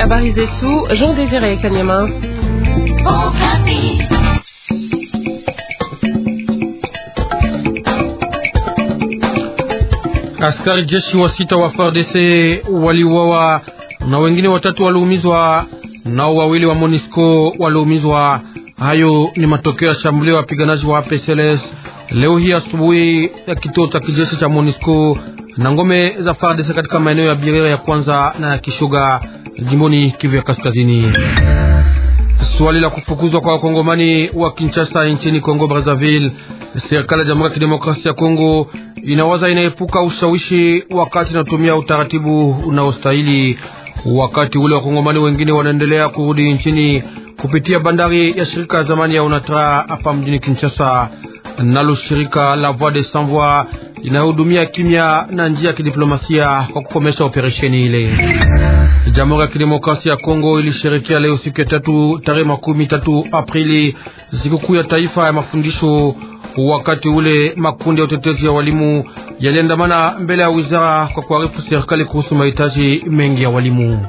Habari zetu Jean Désiré Kanyama. Askari jeshi wa sita wa FARDC waliuawa na wengine watatu waliumizwa, nao wawili wa MONUSCO waliumizwa. Hayo ni matokeo ya shambulio ya wapiganaji wa APCLS leo hii asubuhi ya kituo cha kijeshi cha MONUSCO na ngome za FARDC katika maeneo ya Birera ya kwanza na ya kishuga jimboni Kivu ya Kaskazini. Swali la kufukuzwa kwa wakongomani wa Kinshasa nchini Kongo Brazzaville, serikali ya Jamhuri ya Kidemokrasia ya Kongo inawaza inaepuka ushawishi wakati inatumia utaratibu unaostahili. Wakati ule wakongomani wengine wanaendelea kurudi nchini kupitia bandari ya shirika ya zamani ya UNATRA hapa mjini Kinshasa, nalo shirika la Voix des Sans Voix inahudumia kimya na njia ya kidiplomasia kwa kukomesha operesheni ile. Jamhuri ya Kidemokrasia ya Kongo ilisherekea leo siku ya tatu tarehe makumi tatu Aprili sikukuu ya taifa ya mafundisho. Wakati ule makundi ya utetezi ya walimu yaliandamana mbele ya wizara kwa kuarifu serikali kuhusu mahitaji mengi ya walimu.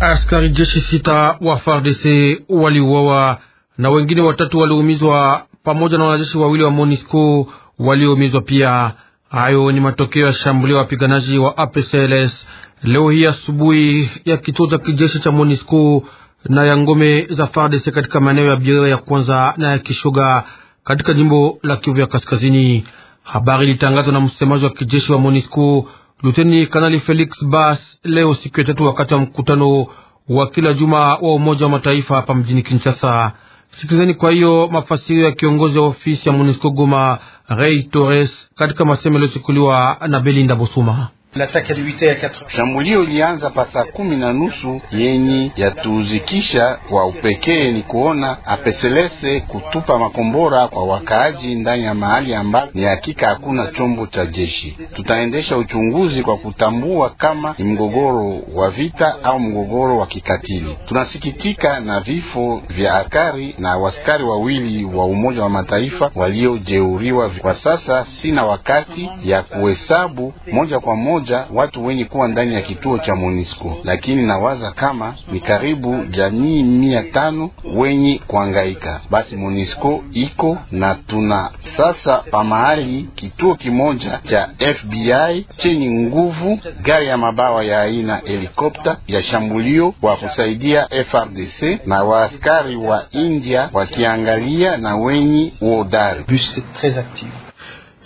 Askari jeshi sita wa FARDC waliuawa na wengine watatu waliumizwa pamoja na wanajeshi wawili wa MONUSCO walioumizwa pia. Hayo ni matokeo ya shambulio ya wapiganaji wa APCLS leo hii asubuhi ya kituo cha kijeshi cha MONUSCO na ya ngome za FARDC katika maeneo ya Biera ya kwanza na ya Kishoga katika jimbo la Kivu ya Kaskazini. Habari ilitangazwa na msemaji wa kijeshi wa MONUSCO Luteni Kanali Felix Bas leo siku ya tatu, wakati wa mkutano wa kila juma wa Umoja wa Mataifa hapa mjini Kinshasa. Sikilizeni kwa hiyo mafasiri ya kiongozi wa ofisi ya MONUSCO Goma Rey Torres katika masemo yaliyochukuliwa na Belinda Bosuma. Shambulio ilianza pasa kumi na nusu yenye yatuzikisha kwa upekee ni kuona apeselese kutupa makombora kwa wakaaji ndani ya mahali ambapo ni hakika hakuna chombo cha jeshi. Tutaendesha uchunguzi kwa kutambua kama ni mgogoro wa vita au mgogoro wa kikatili. Tunasikitika na vifo vya askari na waskari wawili wa Umoja wa Mataifa waliojeuriwa. Kwa sasa sina wakati ya kuhesabu moja kwa moja moja watu wenye kuwa ndani ya kituo cha Monisco, lakini nawaza kama ni karibu jamii mia tano wenye kuangaika. Basi Monisco iko na tuna sasa pamahali kituo kimoja cha FBI chenye nguvu, gari ya mabawa ya aina helikopta ya shambulio wa kusaidia FRDC na waaskari wa India wakiangalia na wenye uodari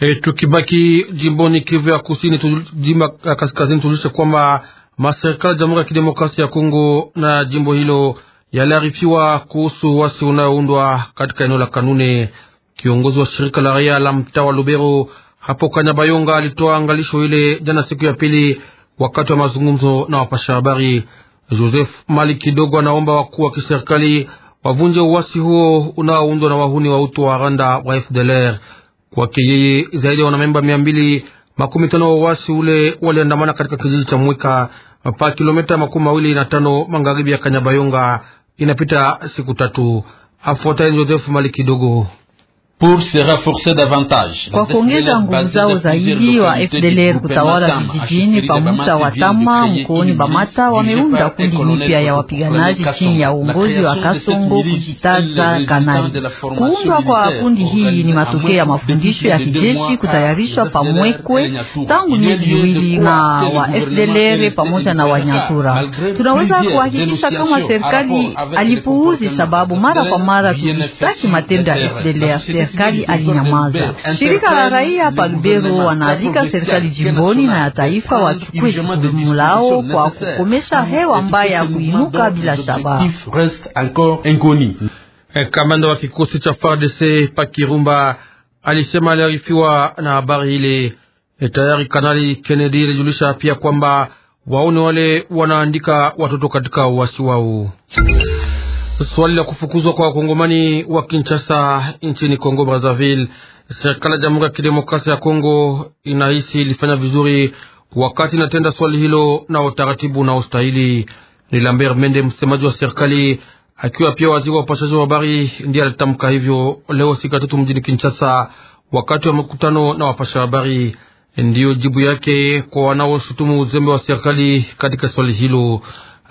Hey, eh, tukibaki jimboni Kivu ya kusini jimba eh, kaskazini, tujulishe kwamba maserikali ya Jamhuri ya Kidemokrasia ya Kongo na jimbo hilo yaliarifiwa kuhusu wasi unayoundwa katika eneo la Kanune. Kiongozi wa shirika la raia la mtaa wa Lubero hapo Kanyabayonga alitoa angalisho ile jana siku ya pili, wakati wa mazungumzo na wapasha habari. Joseph Mali kidogo anaomba wakuu wa kiserikali wavunje uwasi huo unaoundwa na wahuni wa utu wa Rwanda wa FDLR. Kwake yeye zaidi ya wanamemba mia mbili makumi tano wa uasi ule waliandamana katika kijiji cha Mwika pa kilomita makumi mawili na tano magharibi ya Kanyabayonga inapita siku tatu. Afuataye Jozefu Mali kidogo kwa kuongeza nguvu zao zaidi wa FDLR kutawala vijijini pamuta wa Tama mkooni Bamata, wameunda kundi mpya ya wapiganaji chini ya uongozi wa Kasongo kujitaza Kanali. Kuundwa kwa kundi hii ni matokeo ya mafundisho ya kijeshi kutayarishwa pamwekwe tangu miezi miwili na wa FDLR pamoja na Wanyatura. Tunaweza kuhakikisha kama serikali alipuuzi, sababu mara kwa mara tulishtaki matendo ya FDLR serikali alinyamaza. Shirika la raia palubero wanaalika serikali jimboni na ya taifa wachukue jukumu lao kwa kukomesha hewa mbaya ya kuinuka bila shabaha. Eh, kamanda wa kikosi cha FARDC Pakirumba alisema aliarifiwa na habari ile. Eh, tayari Kanali Kennedy alijulisha pia kwamba waone wale wanaandika watoto katika uasi wao. Swali la kufukuzwa kwa wakongomani wa Kinshasa nchini Kongo Brazzaville, serikali ya Jamhuri ya Kidemokrasia ya Kongo inahisi ilifanya vizuri wakati inatenda swali hilo na utaratibu unaostahili. Ni Lambert Mende, msemaji wa serikali akiwa pia waziri wa upashaji wa habari, ndiye alitamka hivyo leo siku ya tatu mjini Kinshasa wakati wa mkutano na wapasha habari. Ndiyo jibu yake kwa wanaoshutumu uzembe wa serikali katika swali hilo.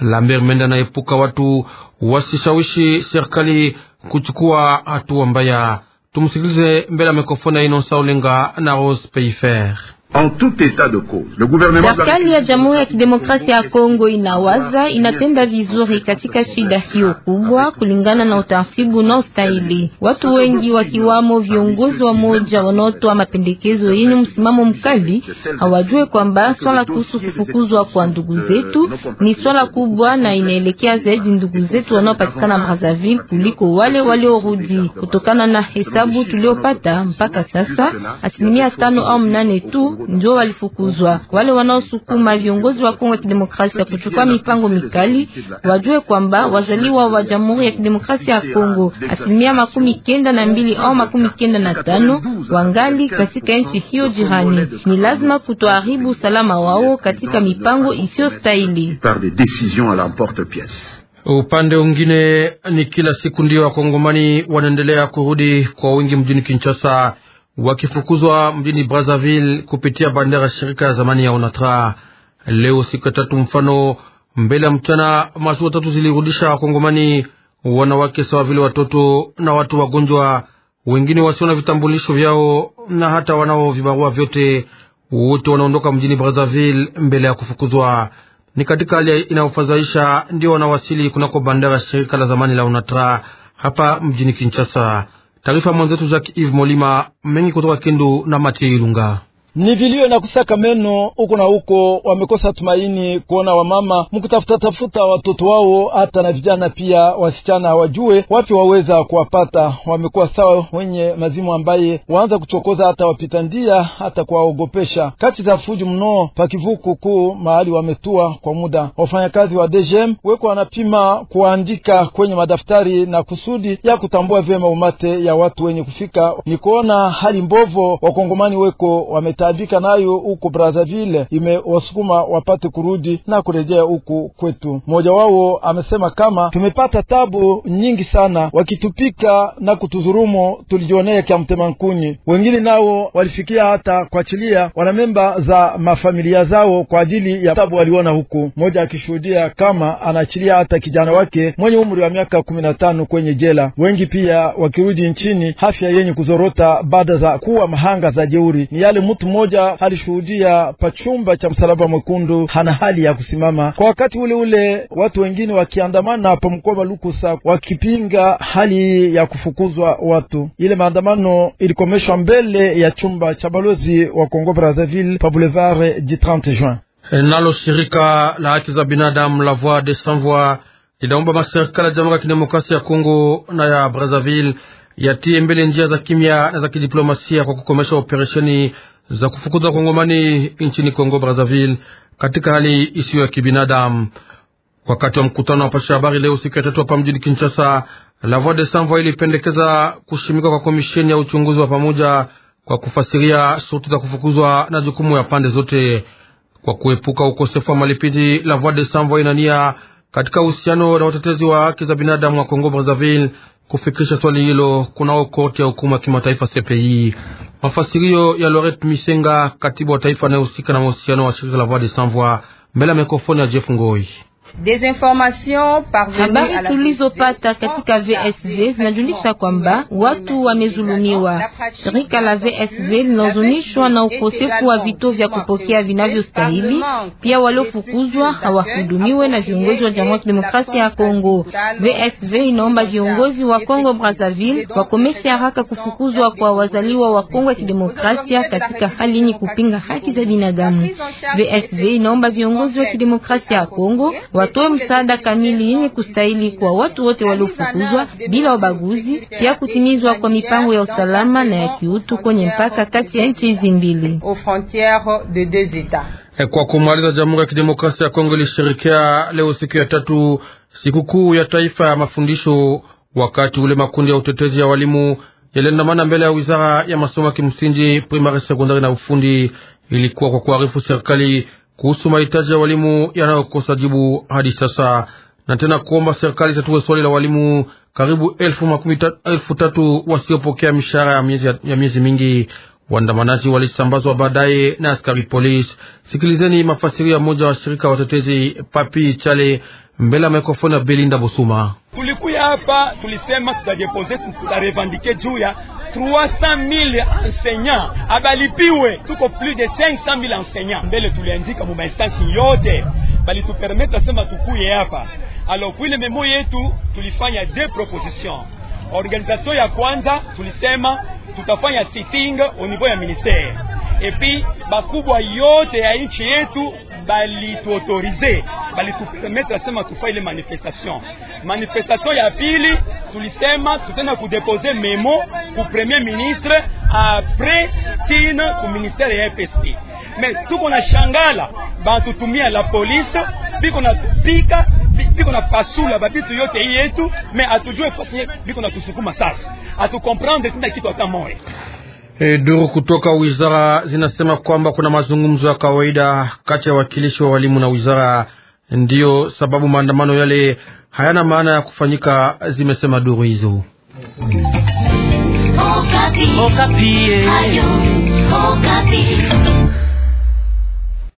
Lambert Mende anaepuka watu wasishawishi serikali kuchukua hatua mbaya. Tumsikilize mbele ya mikrofoni ya Inonsa Olenga na Rose Peifer. Serikali ya Jamhuri ya Kidemokrasia ya Kongo inawaza inatenda vizuri katika shida hiyo kubwa, kulingana na utaratibu na ustahili. Watu wengi wakiwamo viongozi wa moja wanaotoa mapendekezo yenye msimamo mkali hawajue kwamba swala kuhusu kufukuzwa kwa ndugu zetu ni swala kubwa na inaelekea zaidi ndugu zetu wanaopatikana Brazzaville kuliko wale waliorudi. Kutokana na hesabu tuliopata mpaka sasa, asilimia tano au mnane tu ndio walifukuzwa. Wale wanaosukuma viongozi wa Kongo ya Kidemokrasia kuchukua mipango mikali wajue kwamba wazaliwa wa Jamhuri ya Kidemokrasia ya Kongo asilimia makumi kenda na mbili au makumi kenda na tano wangali katika nchi hiyo jirani. Ni lazima kutoharibu usalama wao katika mipango isiyostahili. Upande mwingine ni kila siku ndio wakongomani wanaendelea kurudi kwa wingi mjini Kinshasa wakifukuzwa mjini Brazzaville kupitia bandari ya shirika ya zamani ya Onatra. Leo siku tatu mfano mbele ya mchana, mashua tatu zilirudisha wakongomani wanawake sawa vile watoto na watu wagonjwa, wengine wasio na vitambulisho vyao na hata wanao vibarua vyote. Wote wanaondoka mjini Brazzaville mbele ya kufukuzwa. Ni katika hali inayofadhaisha ndio wanawasili kunako bandari ya shirika la zamani la Onatra hapa mjini Kinshasa. Taarifa mwenzetu Jacques Yves Molima mengi kutoka Kindu na Matie Ilunga. Ni vilio na kusaka meno huko na huko, wamekosa tumaini kuona wamama mkutafuta tafuta watoto wao, hata na vijana pia wasichana hawajue wapi waweza kuwapata. Wamekuwa sawa wenye mazimu ambaye waanza kuchokoza hata wapita ndia, hata kuwaogopesha kati za fuju mno pakivuku kuu mahali wametua kwa muda. Wafanyakazi wa DGM weko wanapima kuandika kwenye madaftari na kusudi ya kutambua vyema umate ya watu wenye kufika, ni kuona hali mbovu wakongomani weko wameta tunataabika nayo huku Brazzaville imewasukuma wapate kurudi na kurejea huku kwetu. Mmoja wao amesema kama tumepata tabu nyingi sana, wakitupika na kutudhurumu, tulijionea kya mtema Wengine nao walifikia hata kuachilia wanamemba za mafamilia zao kwa ajili ya tabu waliona huku. Mmoja akishuhudia kama anaachilia hata kijana wake mwenye umri wa miaka kumi na tano kwenye jela, wengi pia wakirudi nchini, afya yenye kuzorota baada za kuwa mahanga za jeuri ni yale mtu mmoja alishuhudia pachumba cha Msalaba Mwekundu hana hali ya kusimama. Kwa wakati ule ule, watu wengine wakiandamana pa mkoa wa Lukusa wakipinga hali ya kufukuzwa watu. Ile maandamano ilikomeshwa mbele ya chumba cha balozi wa Kongo Brazzaville pa Boulevard du 30 Juin. Nalo shirika la haki za binadamu la Voix des Sans Voix linaomba maserikali ya Jamhuri ya Kidemokrasia ya Kongo na ya Brazzaville yatie mbele njia za kimya na za kidiplomasia kwa kukomesha operesheni za kufukuza kongomani nchini Kongo Brazzaville katika hali isiyo ya kibinadamu. Wakati wa mkutano wa pasha habari leo siku ya tatu hapa mjini Kinshasa, La Voix des Sans Voix ilipendekeza kushimika kwa komisheni ya uchunguzi wa pamoja kwa kufasiria shuruti za kufukuzwa na jukumu ya pande zote kwa kuepuka ukosefu wa malipizi. La Voix des Sans Voix inania katika uhusiano na watetezi wa haki za binadamu wa Kongo Brazzaville kufikisha swali hilo kunao korti ya hukumu ya kimataifa CPI. Mafasirio ya Lorette Misenga, katibu wa taifa anayehusika na mahusiano wa shirika la Voix des Sans Voix, mbele ya mikrofoni ya Jeff Ngoi. Habari tulizopata katika VSV zinajulisha kwamba watu wamezulumiwa. Shirika la VSV linahuzunishwa na ukosefu wa vituo vya kupokea vinavyostahili, pia waliofukuzwa hawahudumiwe na viongozi wa Jamhuri ya Kidemokrasia ya Kongo. VSV inaomba viongozi wa Kongo Brazzaville wakomeshe haraka kufukuzwa kwa wazaliwa wa Kongo ya Kidemokrasia katika hali yenye kupinga haki za binadamu. VSV inaomba viongozi wa Kidemokrasia ya Kongo wa watoe msaada kamili yenye kustahili kwa watu wote waliofukuzwa bila ubaguzi, pia kutimizwa kwa mipango ya usalama na ya kiutu kwenye mpaka kati ya nchi hizi mbili. E, kwa kumaliza, Jamhuri ya Kidemokrasia ya Kongo ilisherekea leo siku ya tatu sikukuu ya taifa ya mafundisho. Wakati ule makundi ya utetezi ya walimu yaliandamana mbele ya wizara ya masomo ya kimsingi, primari, sekondari na ufundi, ilikuwa kwa kuarifu serikali kuhusu mahitaji ya walimu yanayokosa jibu hadi sasa, na tena kuomba serikali itatue swali la walimu karibu elfu makumi elfu tatu wasiopokea mishahara ya miezi, ya miezi mingi. Waandamanaji walisambazwa baadaye na askari polisi. Sikilizeni mafasiri ya mmoja wa shirika watetezi Papi Chale mbele ya mikrofoni ya Belinda Bosuma. Tulikuya hapa tulisema tutadepoze, tutarevandike juu ya 300000 enseignants abalipiwe, tuko plus de 500000 enseignants. Mbele tuliandika mu instance yote, bali tupermettre sema tukuye hapa alors kwile memo yetu tulifanya deux propositions. Organisation ya kwanza tulisema tutafanya sitting au niveau ya ministere, epi bakubwa yote ya nchi yetu manifestations balitupermetre sema tufa ile manifestation. Manifestation ya pili tulisema ku déposer memo ku premier ministre apres tine ku ministere ya EPST. Me tuko na shangala batutumia la police biko na tupika biko na pasula bitu yote yetu, mais atujue biko na tusukuma sasa, atukomprendre comprendre kitu hata E, duru kutoka wizara zinasema kwamba kuna mazungumzo ya kawaida kati ya wakilishi wa walimu na wizara. Ndiyo sababu maandamano yale hayana maana ya kufanyika, zimesema duru hizo. Okapi. Okapi. Eh.